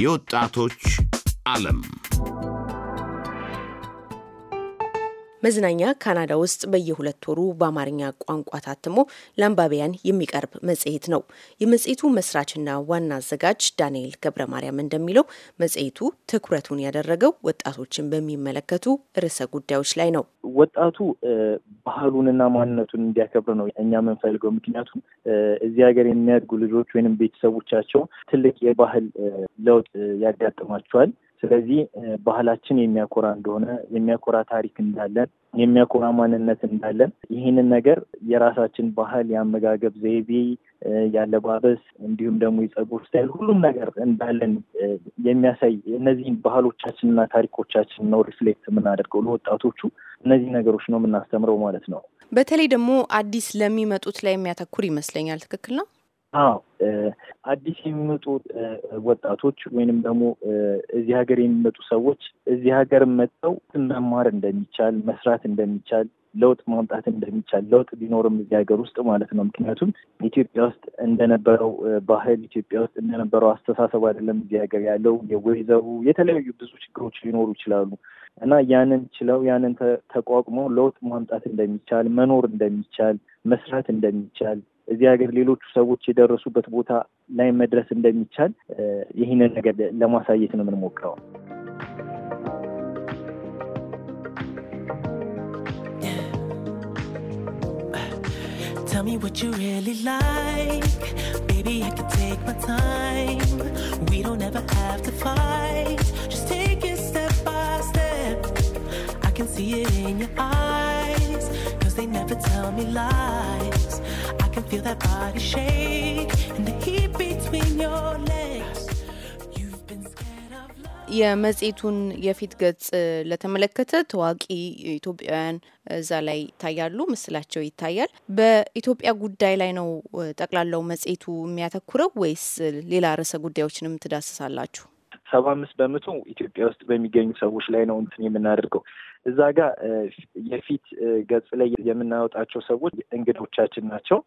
የወጣቶች ዓለም መዝናኛ ካናዳ ውስጥ በየሁለት ወሩ በአማርኛ ቋንቋ ታትሞ ለአንባቢያን የሚቀርብ መጽሔት ነው። የመጽሔቱ መስራችና ዋና አዘጋጅ ዳንኤል ገብረ ማርያም እንደሚለው መጽሔቱ ትኩረቱን ያደረገው ወጣቶችን በሚመለከቱ ርዕሰ ጉዳዮች ላይ ነው። ወጣቱ ባህሉንና ማንነቱን እንዲያከብር ነው እኛ የምንፈልገው። ምክንያቱም እዚህ ሀገር የሚያድጉ ልጆች ወይም ቤተሰቦቻቸው ትልቅ የባህል ለውጥ ያጋጥማቸዋል። ስለዚህ ባህላችን የሚያኮራ እንደሆነ የሚያኮራ ታሪክ እንዳለን የሚያኮራ ማንነት እንዳለን ይህንን ነገር የራሳችን ባህል፣ የአመጋገብ ዘይቤ፣ ያለባበስ እንዲሁም ደግሞ የጸጉር ስታይል ሁሉም ነገር እንዳለን የሚያሳይ እነዚህን ባህሎቻችንና ታሪኮቻችን ነው ሪፍሌክት የምናደርገው ለወጣቶቹ እነዚህ ነገሮች ነው የምናስተምረው ማለት ነው። በተለይ ደግሞ አዲስ ለሚመጡት ላይ የሚያተኩር ይመስለኛል። ትክክል ነው። አዎ አዲስ የሚመጡ ወጣቶች ወይንም ደግሞ እዚህ ሀገር የሚመጡ ሰዎች እዚህ ሀገር መጥተው መማር እንደሚቻል፣ መስራት እንደሚቻል፣ ለውጥ ማምጣት እንደሚቻል ለውጥ ቢኖርም እዚህ ሀገር ውስጥ ማለት ነው። ምክንያቱም ኢትዮጵያ ውስጥ እንደነበረው ባህል፣ ኢትዮጵያ ውስጥ እንደነበረው አስተሳሰብ አይደለም እዚህ ሀገር ያለው የወይዘሩ የተለያዩ ብዙ ችግሮች ሊኖሩ ይችላሉ እና ያንን ችለው ያንን ተቋቁመው ለውጥ ማምጣት እንደሚቻል፣ መኖር እንደሚቻል፣ መስራት እንደሚቻል እዚህ ሀገር ሌሎቹ ሰዎች የደረሱበት ቦታ ላይ መድረስ እንደሚቻል ይህንን ነገር ለማሳየት ነው የምንሞክረው። Tell me what you really like. Baby, I can take my time. We don't ever have to fight. Just take it step by step. I can see it in your eyes. Cause they never tell me lies. የመጽሄቱን የፊት ገጽ ለተመለከተ ታዋቂ ኢትዮጵያውያን እዛ ላይ ይታያሉ፣ ምስላቸው ይታያል። በኢትዮጵያ ጉዳይ ላይ ነው ጠቅላላው መጽሄቱ የሚያተኩረው ወይስ ሌላ ርዕሰ ጉዳዮችንም ትዳስሳላችሁ? ሰባ አምስት በመቶ ኢትዮጵያ ውስጥ በሚገኙ ሰዎች ላይ ነው እንትን የምናደርገው። እዛ ጋር የፊት ገጽ ላይ የምናወጣቸው ሰዎች እንግዶቻችን ናቸው።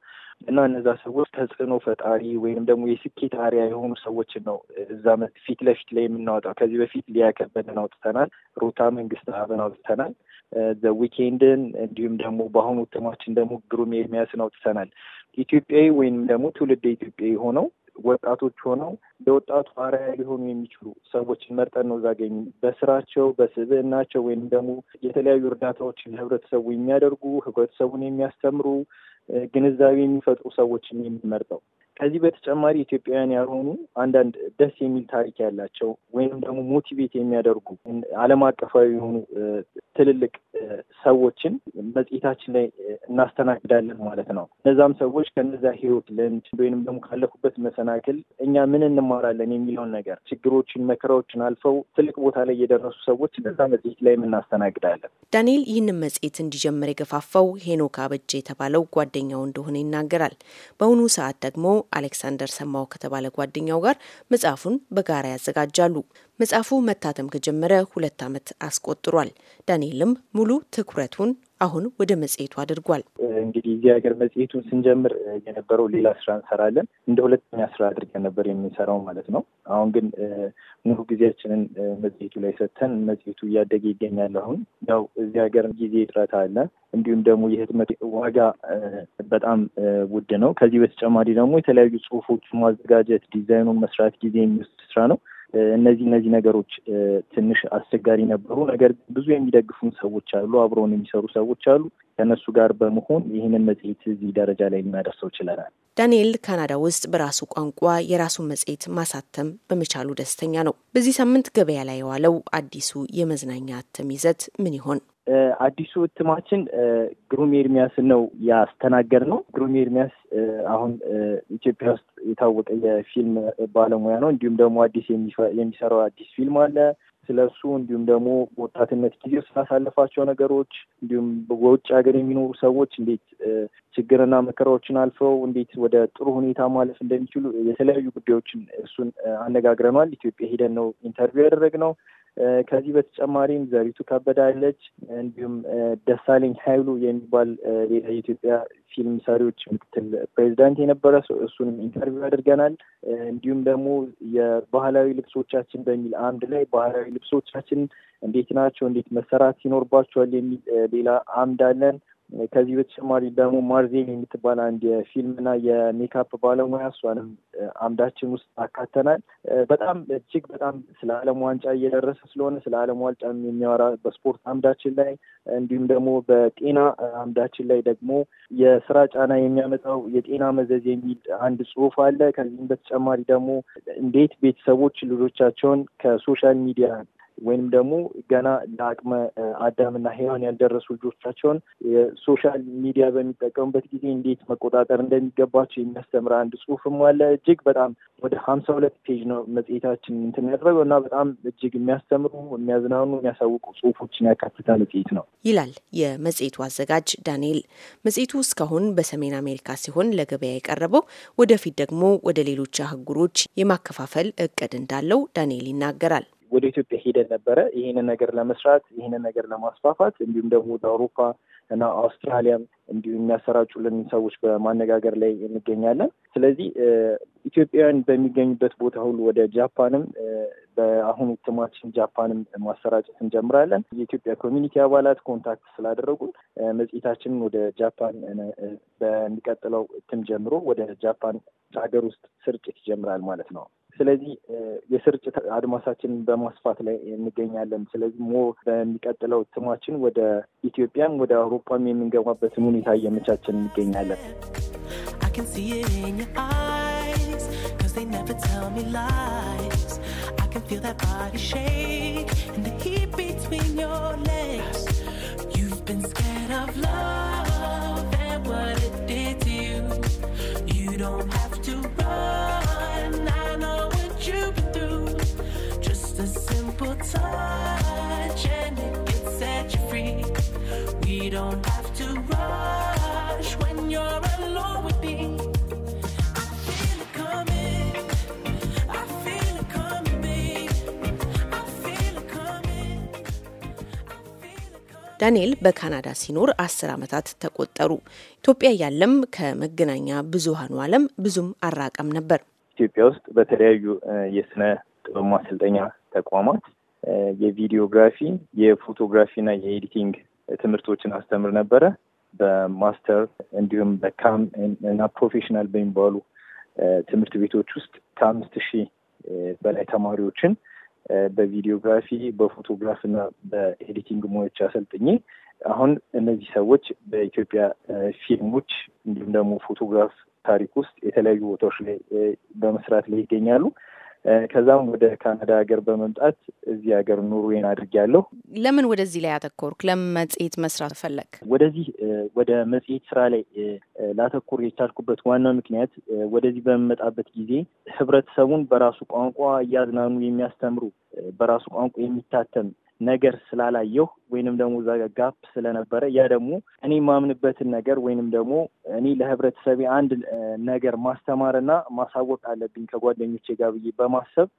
እና እነዛ ሰዎች ተጽዕኖ ፈጣሪ ወይም ደግሞ የስኬት አሪያ የሆኑ ሰዎችን ነው እዛ ፊት ለፊት ላይ የምናወጣው። ከዚህ በፊት ሊያ ከበደን አውጥተናል፣ ሩታ መንግስት አብን አውጥተናል፣ ዊኬንድን እንዲሁም ደግሞ በአሁኑ ትማችን ደግሞ ግሩም ኤርሚያስን አውጥተናል። ኢትዮጵያዊ ወይም ደግሞ ትውልድ ኢትዮጵያዊ ሆነው ወጣቶች ሆነው ለወጣቱ አርአያ ሊሆኑ የሚችሉ ሰዎችን መርጠን ነው ዛገኝ በስራቸው በስብዕናቸው ወይም ደግሞ የተለያዩ እርዳታዎችን ለህብረተሰቡ የሚያደርጉ ህብረተሰቡን የሚያስተምሩ ግንዛቤ የሚፈጥሩ ሰዎችን የሚመርጠው ከዚህ በተጨማሪ ኢትዮጵያውያን ያልሆኑ አንዳንድ ደስ የሚል ታሪክ ያላቸው ወይም ደግሞ ሞቲቬት የሚያደርጉ ዓለም አቀፋዊ የሆኑ ትልልቅ ሰዎችን መጽሔታችን ላይ እናስተናግዳለን ማለት ነው። እነዛም ሰዎች ከነዛ ህይወት ልምድ ወይንም ደግሞ ካለፉበት መሰናክል እኛ ምን እንማራለን የሚለውን ነገር ችግሮችን፣ መከራዎችን አልፈው ትልቅ ቦታ ላይ የደረሱ ሰዎች እነዛ መጽሔት ላይ እናስተናግዳለን። ዳንኤል ይህንን መጽሔት እንዲጀምር የገፋፋው ሄኖክ አበጀ የተባለው ጓደኛው እንደሆነ ይናገራል። በአሁኑ ሰዓት ደግሞ አሌክሳንደር ሰማው ከተባለ ጓደኛው ጋር መጽሐፉን በጋራ ያዘጋጃሉ። መጽሐፉ መታተም ከጀመረ ሁለት ዓመት አስቆጥሯል። ዳንኤልም ሙሉ ትኩረቱን አሁን ወደ መጽሔቱ አድርጓል። እንግዲህ እዚህ ሀገር መጽሔቱን ስንጀምር የነበረው ሌላ ስራ እንሰራለን እንደ ሁለተኛ ስራ አድርገን ነበር የምንሰራው ማለት ነው። አሁን ግን ሙሉ ጊዜያችንን መጽሔቱ ላይ ሰጥተን መጽሔቱ እያደገ ይገኛል። አሁን ያው እዚህ ሀገር ጊዜ እጥረት አለ፣ እንዲሁም ደግሞ የህትመት ዋጋ በጣም ውድ ነው። ከዚህ በተጨማሪ ደግሞ የተለያዩ ጽሁፎቹ ማዘጋጀት፣ ዲዛይኑን መስራት ጊዜ የሚወስድ ስራ ነው። እነዚህ እነዚህ ነገሮች ትንሽ አስቸጋሪ ነበሩ። ነገር ግን ብዙ የሚደግፉን ሰዎች አሉ፣ አብረውን የሚሰሩ ሰዎች አሉ። ከእነሱ ጋር በመሆን ይህንን መጽሔት እዚህ ደረጃ ላይ ልናደርሰው ችለናል። ዳንኤል ካናዳ ውስጥ በራሱ ቋንቋ የራሱን መጽሔት ማሳተም በመቻሉ ደስተኛ ነው። በዚህ ሳምንት ገበያ ላይ የዋለው አዲሱ የመዝናኛ አተም ይዘት ምን ይሆን? አዲሱ እትማችን ግሩም ኤርሚያስ ነው ያስተናገድ ነው። ግሩም ኤርሚያስ አሁን ኢትዮጵያ ውስጥ የታወቀ የፊልም ባለሙያ ነው። እንዲሁም ደግሞ አዲስ የሚሰራው አዲስ ፊልም አለ ስለ እሱ እንዲሁም ደግሞ ወጣትነት ጊዜ ስላሳለፋቸው ነገሮች እንዲሁም በውጭ ሀገር የሚኖሩ ሰዎች እንዴት ችግርና መከራዎችን አልፈው እንዴት ወደ ጥሩ ሁኔታ ማለፍ እንደሚችሉ የተለያዩ ጉዳዮችን እሱን አነጋግረኗል። ኢትዮጵያ ሄደን ነው ኢንተርቪው ያደረግነው። ከዚህ በተጨማሪም ዘሪቱ ከበዳለች፣ እንዲሁም ደሳለኝ ኃይሉ የሚባል ሌላ የኢትዮጵያ ፊልም ሰሪዎች ምክትል ፕሬዚዳንት የነበረ ሰው እሱንም ኢንተርቪው አድርገናል። እንዲሁም ደግሞ የባህላዊ ልብሶቻችን በሚል አምድ ላይ ባህላዊ ልብሶቻችን እንዴት ናቸው፣ እንዴት መሰራት ይኖርባቸዋል የሚል ሌላ አምድ አለን። ከዚህ በተጨማሪ ደግሞ ማርዜን የምትባል አንድ የፊልምና የሜካፕ ባለሙያ እሷንም አምዳችን ውስጥ አካተናል። በጣም እጅግ በጣም ስለ ዓለም ዋንጫ እየደረሰ ስለሆነ ስለ ዓለም ዋንጫ የሚያወራ በስፖርት አምዳችን ላይ እንዲሁም ደግሞ በጤና አምዳችን ላይ ደግሞ የስራ ጫና የሚያመጣው የጤና መዘዝ የሚል አንድ ጽሑፍ አለ። ከዚህም በተጨማሪ ደግሞ እንዴት ቤተሰቦች ልጆቻቸውን ከሶሻል ሚዲያ ወይንም ደግሞ ገና ለአቅመ አዳምና ሔዋን ያልደረሱ ልጆቻቸውን የሶሻል ሚዲያ በሚጠቀሙበት ጊዜ እንዴት መቆጣጠር እንደሚገባቸው የሚያስተምር አንድ ጽሑፍም አለ። እጅግ በጣም ወደ ሀምሳ ሁለት ፔጅ ነው መጽሔታችን እንትን ያደረገው እና በጣም እጅግ የሚያስተምሩ የሚያዝናኑ፣ የሚያሳውቁ ጽሁፎችን ያካትታ መጽሔት ነው ይላል የመጽሔቱ አዘጋጅ ዳንኤል። መጽሔቱ እስካሁን በሰሜን አሜሪካ ሲሆን ለገበያ የቀረበው ወደፊት ደግሞ ወደ ሌሎች አህጉሮች የማከፋፈል እቅድ እንዳለው ዳንኤል ይናገራል። ወደ ኢትዮጵያ ሄደን ነበረ ይህንን ነገር ለመስራት ይህንን ነገር ለማስፋፋት እንዲሁም ደግሞ ወደ አውሮፓ እና አውስትራሊያም እንዲሁም የሚያሰራጩልን ሰዎች በማነጋገር ላይ እንገኛለን። ስለዚህ ኢትዮጵያውያን በሚገኙበት ቦታ ሁሉ ወደ ጃፓንም በአሁኑ ትማችን ጃፓንም ማሰራጨት እንጀምራለን። የኢትዮጵያ ኮሚኒቲ አባላት ኮንታክት ስላደረጉ መጽሄታችንን ወደ ጃፓን በሚቀጥለው ትም ጀምሮ ወደ ጃፓን ሀገር ውስጥ ስርጭት ይጀምራል ማለት ነው። ስለዚህ የስርጭት አድማሳችንን በማስፋት ላይ እንገኛለን። ስለዚህ ሞ በሚቀጥለው ትማችን ወደ ኢትዮጵያም ወደ አውሮፓም የምንገባበትን ሁኔታ እየመቻችን እንገኛለን። You don't have to run. ዳንኤል በካናዳ ሲኖር አስር ዓመታት ተቆጠሩ። ኢትዮጵያ ያለም ከመገናኛ ብዙሃኑ ዓለም ብዙም አራቀም ነበር። ኢትዮጵያ ውስጥ በተለያዩ የስነ ጥበብ ማሰልጠኛ ተቋማት የቪዲዮግራፊ፣ የፎቶግራፊና የኤዲቲንግ ትምህርቶችን አስተምር ነበረ። በማስተር እንዲሁም በካም እና ፕሮፌሽናል በሚባሉ ትምህርት ቤቶች ውስጥ ከአምስት ሺህ በላይ ተማሪዎችን በቪዲዮግራፊ በፎቶግራፍ እና በኤዲቲንግ ሙያዎች አሰልጥኜ አሁን እነዚህ ሰዎች በኢትዮጵያ ፊልሞች እንዲሁም ደግሞ ፎቶግራፍ ታሪክ ውስጥ የተለያዩ ቦታዎች ላይ በመስራት ላይ ይገኛሉ። ከዛም ወደ ካናዳ ሀገር በመምጣት እዚህ ሀገር ኑሮዬን አድርጌያለሁ። ለምን ወደዚህ ላይ አተኮርክ? ለምን መጽሔት መስራት ፈለግ? ወደዚህ ወደ መጽሔት ስራ ላይ ላተኮር የቻልኩበት ዋና ምክንያት ወደዚህ በምመጣበት ጊዜ ህብረተሰቡን በራሱ ቋንቋ እያዝናኑ የሚያስተምሩ በራሱ ቋንቋ የሚታተም ነገር ስላላየሁ ወይንም ደግሞ እዛ ጋፕ ስለነበረ ያ ደግሞ እኔ የማምንበትን ነገር ወይንም ደግሞ እኔ ለህብረተሰብ አንድ ነገር ማስተማርና ማሳወቅ አለብኝ ከጓደኞቼ ጋር ብዬ በማሰብ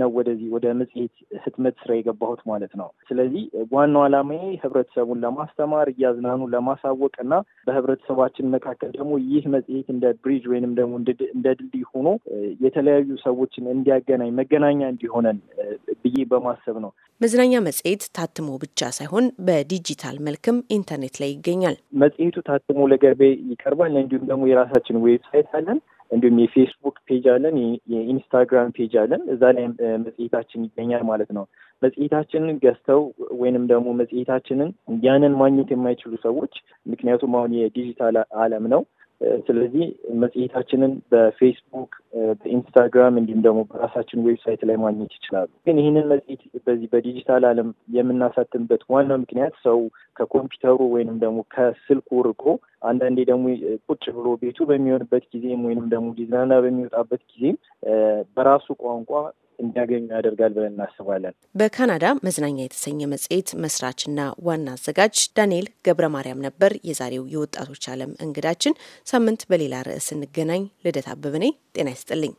ነው ወደዚህ ወደ መጽሔት ህትመት ስራ የገባሁት ማለት ነው። ስለዚህ ዋናው ዓላማዬ ህብረተሰቡን ለማስተማር እያዝናኑ ለማሳወቅ እና በህብረተሰባችን መካከል ደግሞ ይህ መጽሔት እንደ ብሪጅ ወይንም ደግሞ እንደ ድልድይ ሆኖ የተለያዩ ሰዎችን እንዲያገናኝ መገናኛ እንዲሆነን ብዬ በማሰብ ነው። መዝናኛ መጽሔት ታትሞ ብቻ ሳይሆን ሲሆን በዲጂታል መልክም ኢንተርኔት ላይ ይገኛል። መጽሔቱ ታትሞ ለገበያ ይቀርባል። እንዲሁም ደግሞ የራሳችን ዌብሳይት አለን። እንዲሁም የፌስቡክ ፔጅ አለን፣ የኢንስታግራም ፔጅ አለን። እዛ ላይ መጽሔታችን ይገኛል ማለት ነው። መጽሔታችንን ገዝተው ወይንም ደግሞ መጽሔታችንን ያንን ማግኘት የማይችሉ ሰዎች ምክንያቱም አሁን የዲጂታል ዓለም ነው ስለዚህ መጽሔታችንን በፌስቡክ፣ በኢንስታግራም እንዲሁም ደግሞ በራሳችን ዌብሳይት ላይ ማግኘት ይችላሉ። ግን ይህንን መጽሔት በዚህ በዲጂታል ዓለም የምናሳትንበት ዋናው ምክንያት ሰው ከኮምፒውተሩ ወይንም ደግሞ ከስልኩ ርቆ አንዳንዴ ደግሞ ቁጭ ብሎ ቤቱ በሚሆንበት ጊዜም ወይንም ደግሞ ሊዝናና በሚወጣበት ጊዜም በራሱ ቋንቋ እንዲያገኙ ያደርጋል ብለን እናስባለን። በካናዳ መዝናኛ የተሰኘ መጽሔት መስራችና ዋና አዘጋጅ ዳንኤል ገብረ ማርያም ነበር የዛሬው የወጣቶች ዓለም እንግዳችን። ሳምንት በሌላ ርዕስ እንገናኝ። ልደት አበበ ነኝ። ጤና ይስጥልኝ።